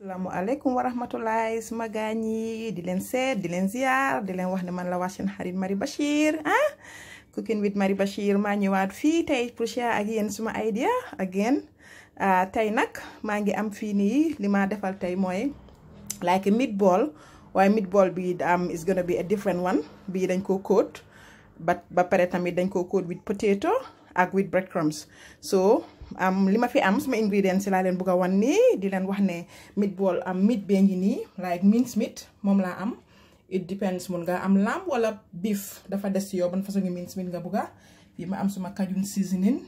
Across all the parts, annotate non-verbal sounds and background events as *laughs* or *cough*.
salaamualeykum wa rahmatulahi suma gaañ yi di leen seet di leen ziar di leen wax ne man la waa seen xarit mari Bachir ah cooking with Marie Bachir maa ñëwaat fii tey pour share ak yéen suma idea ak yéen ah, tey nag maa ngi am fii nii li ma defal tey mooy like a meatball waaye meatball bi am um, is gonna be a different one bii dañ koo coat ba ba pare tamit dañ koo coat with potato ak with breadcrumbs am lima fi am sama ingredients la len buga bëgg wan di len wax ne meatball am meat beñi ni like mince meat mom la am it depends mon nga am lamb wala beef dafa des yo ban façon ngi mince meat nga buga bi ma am suma cajun seasoning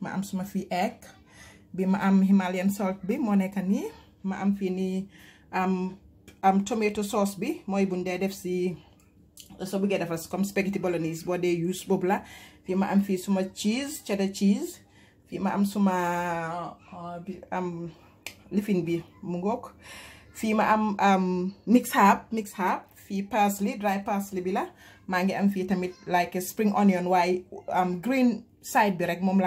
ma am suma fi egg bi ma am Himalayan salt bi mo nekk ni ma am fi ni am am tomato sauce bi moy buñ dee def so bu bëggee defal comme spaghetti bolognese bo dee use bobu la fi ma am fi suma cheese cheddar cheese fii ma am suma uh, am lifin bi mu ngoog ma am mix herb mix herb fii parsley dry parsley bi la maa ngi am fii tamit like spring onion why um green side bi rek moom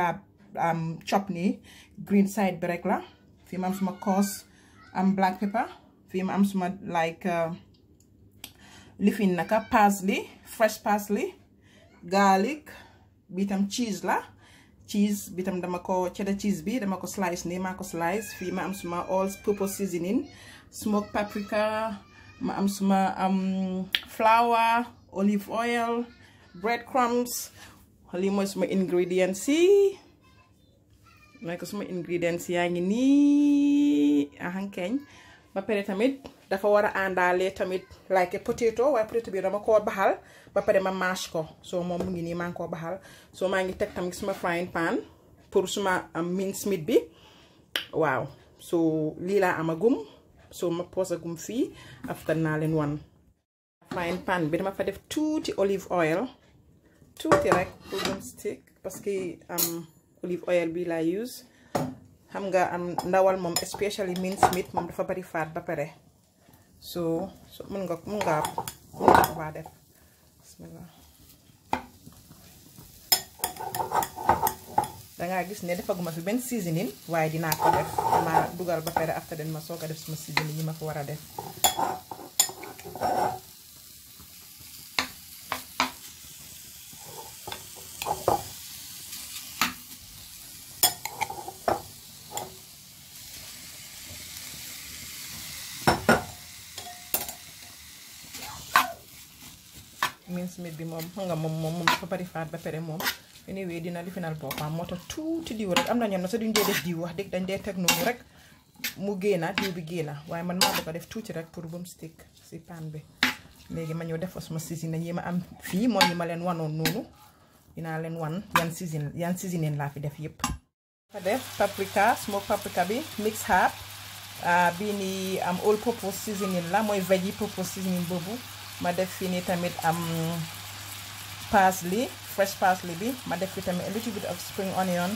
chopney chop green side bi rek la fii ma am suma coarse am black pepper fii ma am suma like uh, lifin naka parsley fresh parsley garlic bitam cheese la cheese bi tam dama ko cheddar cheese bi dama ko slice ni mako slice fi ma am suma all purpose seasoning smoked paprika ma am suma um, flour olive oil breadcrumbs, crumbs semua suma ingredients yi mooy ko suma ingredients yaa ni nii ahankeñ ba pere tamit dafa war a àndaale tamit like potato waaye potato bi dama koo baxal ba pare ma mash ko soo moom ngi nii maa ngi koo baxal soo maa ngi teg tamit suma frying pan pour suma am um, mince meat bi waaw soo lii laa amagum soo ma posagum fii after naa leen wan frying pan bi dama fa def tuuti olive oil tuuti rek pour stick parce que am um, olive oil bi laa use xam nga am um, ndawal moom especially mince meat moom dafa bari faat ba pare so so mën nga mën nga mën nga ko faa def bismillah da nga gis ne defaguma fi ben seasoning waye dina ko def dama dugal ba pare after den ma soga def suma seasoning yi ma ko wara def Will Smith bi moom xam nga moom moom moom dafa bari faat ba pere moom anyway dina li final boppam moo tax tuuti diw rek am na ñoom na sa duñ dee def diw wax dëgg dañ dee teg noonu rek mu génna diw bi génna waaye man maa bëgg a def tuuti rek pour bu mu stick si pan bi léegi ma ñëw def ko suma seasoning yi ma am fii mooy yi ma leen wanoon noonu dinaa leen wan yan season yan seasoning laa fi def yëpp fa def paprika smoke paprika bi mix herb ah, bii nii am all purpose seasoning la mooy veggie purpose seasoning boobu ma def fi ni tamit am parsley fresh parsley bi ma def fi tamit a little bit of spring onion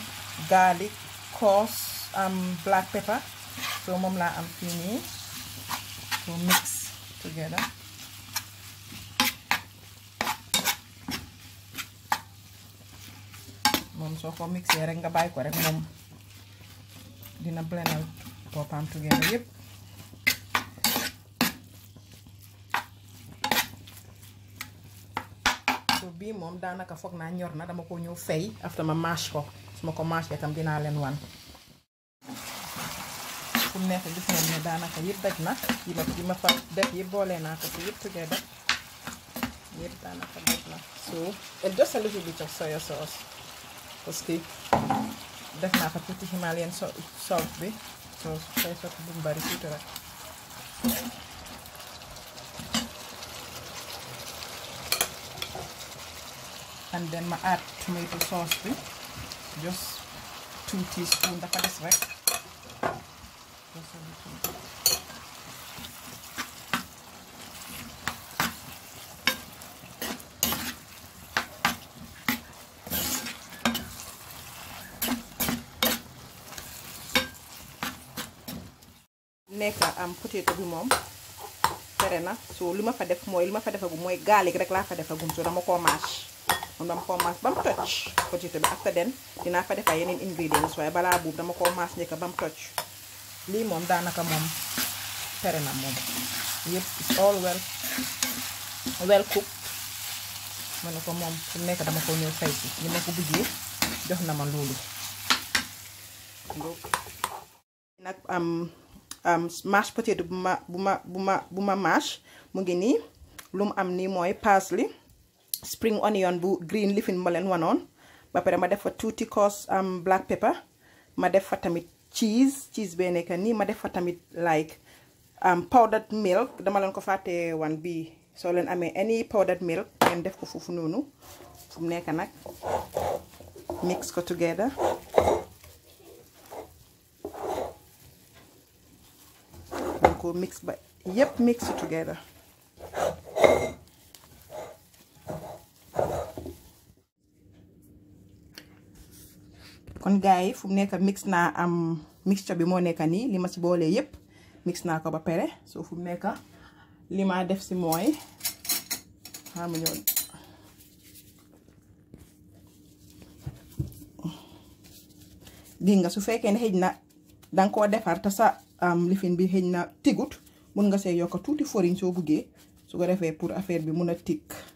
garlic coarse um, black pepper so moom laa am fii nii to mix together moom soo ko mixee rek nga bàyyi ko rek moom dina blendal boppam together Yep. ñor na dama ko ñëw fay after ma ko ko wan gis ne daj na yi ma ma fa def ko daj na so just a little bit of soy sauce parce que def naa fa Himalayan salt bi so soy salt bu bari tuuti rek and then ma add tomato sauce bi just two teaspoons dafa des rek nekk am potato bi moom tere so li fa def mooy li ma fa defagum mooy garlic rek laa fa defagum so dama koo mash bam ko mass bam toj potite bi after den dina fa defa yenen ingredients way bala buub dama ko maas njëkk bam toj lii moom daanaka mom pere na mom yep it's all well well cooked ma mom, ko moom fu nek dama ko ñëw fay ci ni mako ko jox na ma lolu nak am am um, um, mash potato buma buma buma ma mash mu ngi ni lum am ni moy parsley spring onion bu green lifin ma leen wanoon ba pare ma def fa tuuti cause am um, black pepper ma def fa tamit cheese cheese bee nekk nii ma def fa tamit like am um, powdered milk dama leen ko fàtte wan bii So len ame any powdered milk ngeen def ko foofu noonu fu nekk nag mix ko together ko mix ba yep, mix together kon gaa yi fu mu nekk mix naa am mixture bi moo nekk nii li ma si boolee yëpp mix naa ko ba pare so fu mu nekk li ma def si mooy xaaral nga su fekkee ne xëj na danga koo defar te sa lifin bi xëj na tigut mun nga see yokk tuuti forin soo buggee su ko defee pour affaire bi mun a tikk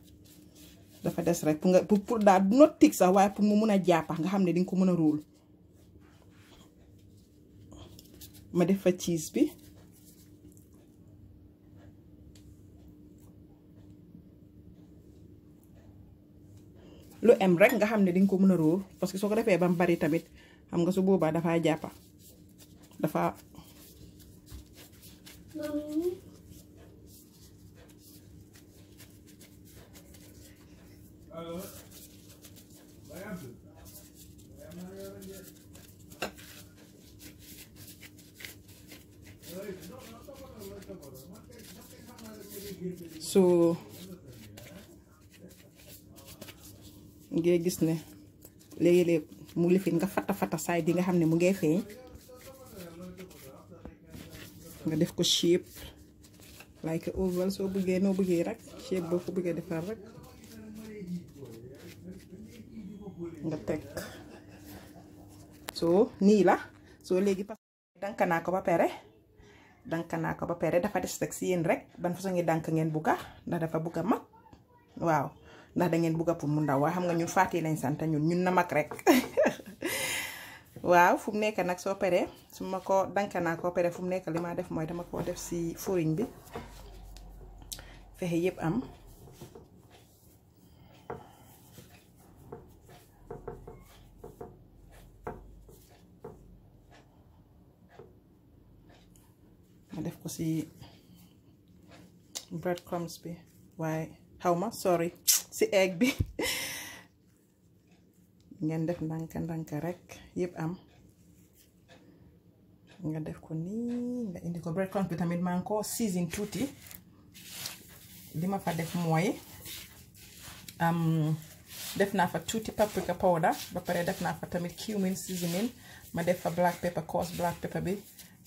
dafa dess rek pour nga pour da notique sax waye pour mu meuna a nga xamne ding ko meuna ma def fa cheese bi lu em rek nga xamne ding ko meuna a parce que soko defé bam bari tamit xam nga su boba dafa dafa Alo. Bayan so ngay gis ne léegi-léeg mu lifin nga fata fata saay bi nga xam ne mu ngay feeñ nga def ko shape like oval soo buggee noo bëggee rek shape boo ko bëggee defar rek nga teg soo nii la soo léegi dank naa ko ba dank naa ko ba pare dafa des rek si yéen rek ban façon ngi dank ngeen bugga ndax dafa bugg a mag waaw ndax da bugga pour mu ndaw waaye xam nga ñun faati lañ sant ñun ñun na mag rek *laughs* waaw fu mu nekk nag soo paree su ma ko danka naa ko pare fu mu nekk li maa def mooy dama koo def si foriñ bi fexe yépp am def ko si breadcrumbs bi waaye xaw ma sorry si egg bi ngeen def ndànka ndànka rek yëpp am nga def ko nii nga indi ko breadcrumbs bi tamit maa ngi ko season tuuti li ma fa def mooy am def naa fa tuuti paprika powder ba pare def naa fa tamit cumin seasoning ma def fa black pepper coarse black pepper bi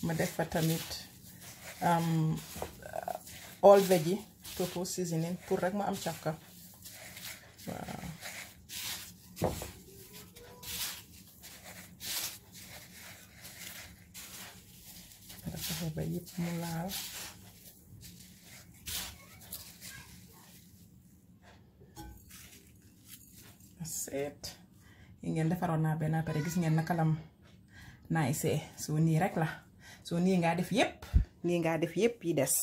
ma def fa tamit um, all veggie, tofu seasoning pour rek ma am chakka waaw nga fexe ba ngeen defaroon gis ngeen nakalam naay see soo rek la def lii ngaa def yépp yi des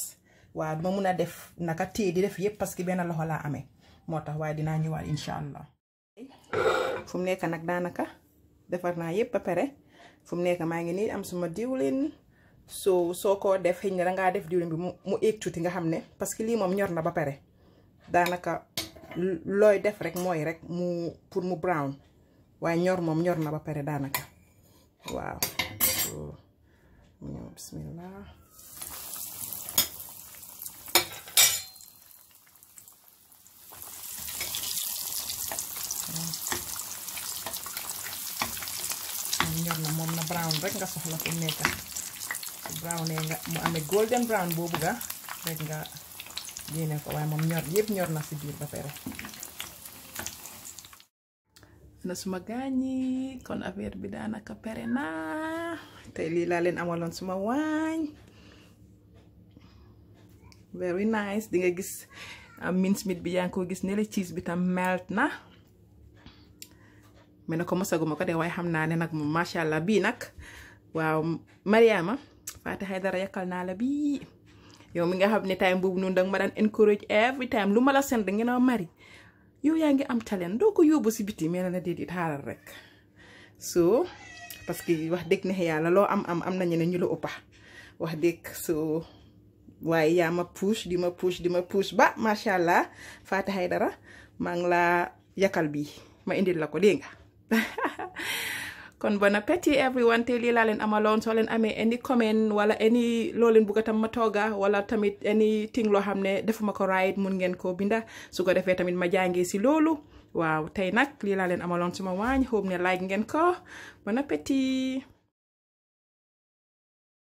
waaw duma mun a def naka téye di def yépp parce que benn loxo laa amee moo tax waaye dinaa ñëwaat incha allah. fu mu nekk nag daanaka defar naa yépp a pare fu mu nekk maa ngi nii am suma diwlin soo soo koo def xëy na dangaa def diwlin bi mu mu éeg tuuti nga xam ne parce que lii moom ñor na ba pare daanaka looy def rek mooy rek mu pour mu brown waaye ñor moom ñor na ba pare daanaka waaw. bismillah ñor na moom na brown rek nga soxla fu nekka browné e nga mu amee golden brown boobu ga rek nga génne ko waaye moom ñor yëpp ñor na si biir ba pere na suma gaañi kon affaire bi daanaka pere na tey lii laa leen amaloon suma waañ very nice di nga gis mincemeat bi yaa ko gis ne cheese bi tam melt na mais na ko mosaguma ko de waaye xam naa ne nag moom macha allah bii waaw Mariama Faty Haidara yakal na la bi yow mi nga xam ni time bubu nun ma dan encourage every time luma la seen mari yow yaa am talent doo ko yóbbu biti mais na dedit rek so parce que wax dëgg ne yalla lo am am am na ñeneen ñu lu wax so way ya ma push di ma push di ma push ba machallah allah Faty Haidara maa yakal bi ma indil la ko *laughs* kon bon appétit everyone te lii laa leen amaloon soo leen amee any comment wala any loo leen bugga tam ma tooga wala tamit anything loo xam ne defuma ko right mun ngeen ko binda su ko defee tamit ma jàngee si loolu waaw tey nag lii laa leen amaloon suma waañ xóob ne laaj ngeen ko bon appétit